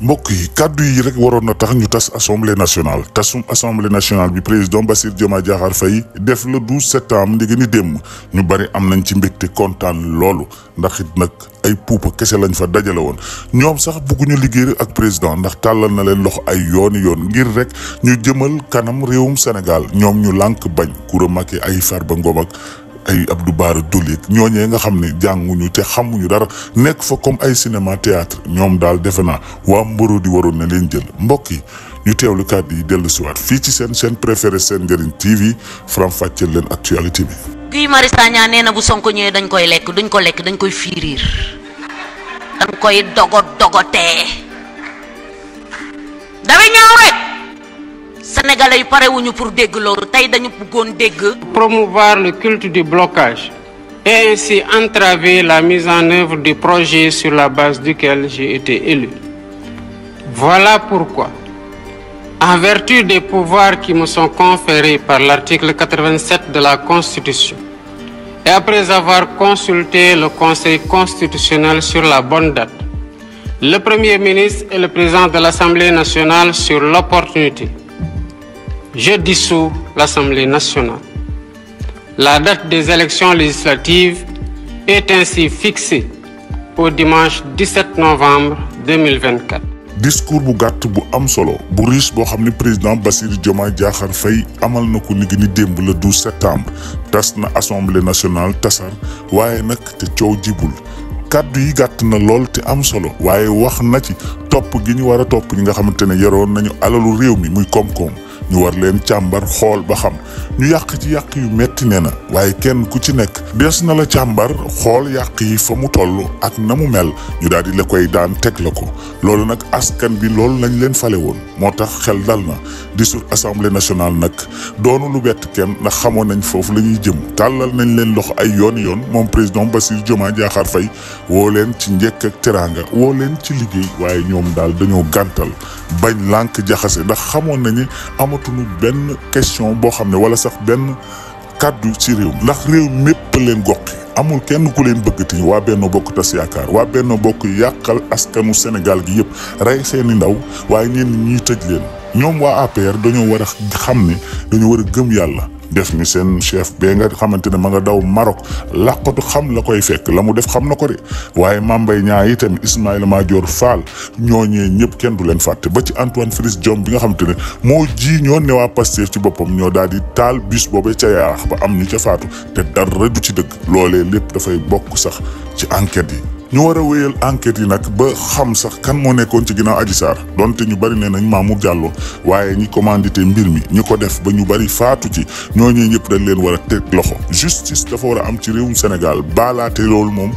mbokk yi kàddu yi rek waroon na tax ñu tas assemblée nationale tasum assemblée nationale bi président Bassirou Diomaye Diakhar fay def le 12 septembre ndi gën i ñu bari am nañ ci mbégte kontaan loolu ndax nag ay puupa kese lañ fa dajale woon ñoom sax bëgguñu liggéey ak président ndax tàllal na leen loxo ay yooni yoon ngir rek ñu jëmal kanam réewum Sénégal ñoom ñu lànk bañ Coura Macky ay Farba Ngom ak ay Abdou Bara Dolly ñooñee nga xam ne jànguñu te xamuñu dara nekk fa comme ay cinéma théâtre ñoom daal defe naa waa di waroon na leen jël mbokk yi ñu teewlu kàddu yi dellu siwaat fii ci seen seen préférée seen njëriñ TV faram fàcceel leen actualité bi. Guy Marius Sagna nee na bu Sonko ñëwee dañ koy lekk duñ ko lekk dañ koy fiiriir dañ koy dogo dogotee. dafa ñaaw rek. promouvoir le culte du blocage et ainsi entraver la mise en œuvre du projet sur la base duquel j'ai été élu. Voilà pourquoi, en vertu des pouvoirs qui me sont conférés par l'article 87 de la Constitution, et après avoir consulté le Conseil constitutionnel sur la bonne date, le Premier ministre et le Président de l'Assemblée nationale sur l'opportunité je dissous l'Assemblée nationale. La date des élections législatives est ainsi fixée au dimanche 17 novembre 2024. discours bu gatt bu am solo bu riche bo xamni président Bassirou Diomaye Diakhar Faye amal nako ko ni gi le 12 septembre tasna na assemblée nationale tasar waye nak te ciow jibul kaddu yi gatt na lol te am solo waye wax na ci top gi ñu wara a ñi nga xamantene yaroon nañu alalu rew mi muy koom ñu war leen càmbar xool ba xam ñu yàq ci yàq yu metti ne na waaye kenn ku ci nekk des na la càmbar xool yàq yi fa mu toll ak na mu mel ñu daal di la koy daan teg la ko loolu nag askan bi loolu lañ leen fale woon moo tax xel dal na di sur assemblée nationale nag doonu lu bett kenn ndax xamoon nañ foofu la ñuy tàllal nañ leen loxo ay yoon yoon moom président Bassirou Diomaye Diakhar Faye woo leen ci njekk ak teraanga woo leen ci liggéey waaye ñoom daal dañoo gàntal bañ lànk jaxase ndax xamoon nañu amul amatuñu benn question boo xam ne wala sax benn kàddu ci réew mi ndax réew mépp leen goqi amul kenn ku leen bëggati waa Benno Bokk Tas Yaakaar waa Benno Bokk yàqal askanu Sénégal gi yëpp rey seeni ndaw waaye ñenn ñi tëj leen ñoom waa APR dañu war a xam ne dañoo war a gëm yàlla def ni seen chef bee nga xamante ne ma nga daw Maroc làqatu xam la koy fekk la mu def xam na ko de waaye Mame Mbaye Niang itam Ismaïla Madior Fall ñooñee ñëpp kenn du leen fàtte ba ci Antoine Félix Diome bi nga xamante ne moo ji ñoo ne waa Pastef ci boppam ñoo daal di taal bus boobee ca yaax ba am ñu ca faatu te dara du ci dëgg loole lépp dafay bokk sax ci enquête yi ñu war a wéyal enquête yi nag ba xam sax kan moo nekkoon ci ginaaw Adji Sarr donte ñu bari nee nañ Mamour jàlloo waaye ñi commandité mbir mi ñu ko def ba ñu bari faatu ci ñooñu ñëpp dañ leen war a teg loxo justice dafa war a am ci réewum Sénégal baalaate loolu moom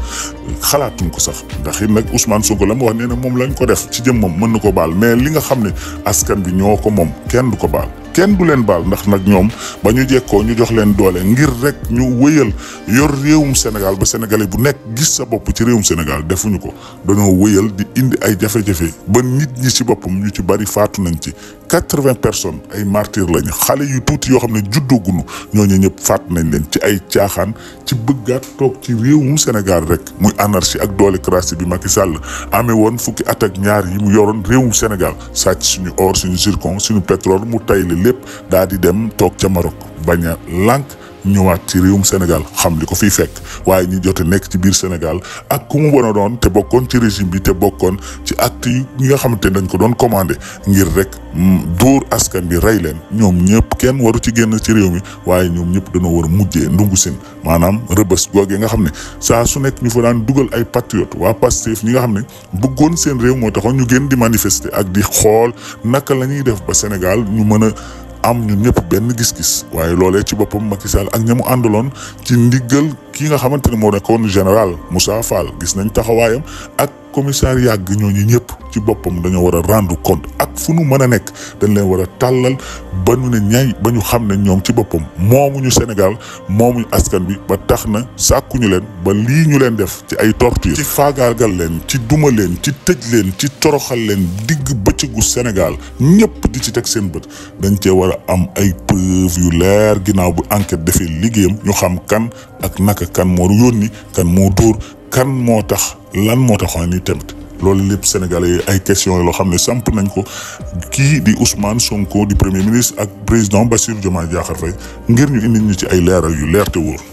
xalaatuñ ko sax ndax it nag Ousmane Sonko la ma wax nee na moom lañ ko def ci jëmmam mën na ko baal mais li nga xam ne askan bi ñoo ko moom kenn du ko baal. kenn du leen baal ndax nag ñoom ba ñu jekkoo ñu jox leen doole ngir rek ñu wéyal yor réewum Sénégal ba sénégalais bu nekk gis sa bopp ci réewum Sénégal defuñu ko dañoo wéyal di indi ay jafe-jafe ba nit ñi ci boppam ñu ci bari faatu nañ ci quatre-vingts personnes ay martyrs lañu xale yu tuuti yoo xam ne juddooguñu ñooñu ñëpp faat nañ leen ci ay caaxaan ci bëggaat toog ci réewum Sénégal rek muy anarchie ak doole crasse bi Macky Sall amee woon fukki at ñaar yi mu yoroon réewum Sénégal sàcc suñu or suñu zircon suñu pétrole mu tay la lépp daa di dem toog ca Maroc bañ a ñëwaat ci réewum Sénégal xam li ko fiy fekk waaye ñu jote nekk ci biir Sénégal ak ku mu bon doon te bokkoon ci régime bi te bokkoon ci acte yi ñi nga xamante ne dañ ko doon commandé ngir rek mm, duur askan bi rey leen ñoom ñëpp kenn waru ci génn ci réew mi waaye ñoom ñëpp dañoo war a mujjee ndungu sin maanaam rëbës googee nga xam ne saa su nekk ñu fa daan dugal ay patriote waa Pastef ñi nga xam ne bëggoon seen réew moo taxoon ñu génn di manifester ak di xool naka la ñuy def Sénégal ñu mën a am ñun ñëpp benn gis-gis waaye loole ci boppam Macky Sall ak ñamu mu àndaloon ci ndiggal kii nga xamante ne moo nekkoon général Moussa Fall gis nañ taxawaayam ak. yàgg ñoo ñu ñëpp ci boppam dañoo war a rendre compte ak fu nu mën a nekk dañ leen war a tàllal ba ñu ne ñay ba ñu xam ne ñoom ci boppam moomu ñu Sénégal moomu askan bi ba tax na sàkkuñu leen ba lii ñu leen def ci ay torture ci faagaagal leen ci duma leen ci tëj leen ci toroxal leen digg bëccëgu Sénégal ñëpp di ci teg seen bët dañ cee war a am ay preuve yu leer ginnaaw bu enquête defee liggéeyam ñu xam kan ak naka kan moo yónni kan moo dóor kan moo tax lan moo taxoon ni tamit loolu lépp sénégal yi ay question loo xam ne samp nañ ko kii di Ousmane Sonko di premier ministre ak président Bassirou Diomaye Diakhar Faye ngir ñu indi ñu ci ay leeral yu leer te wóor.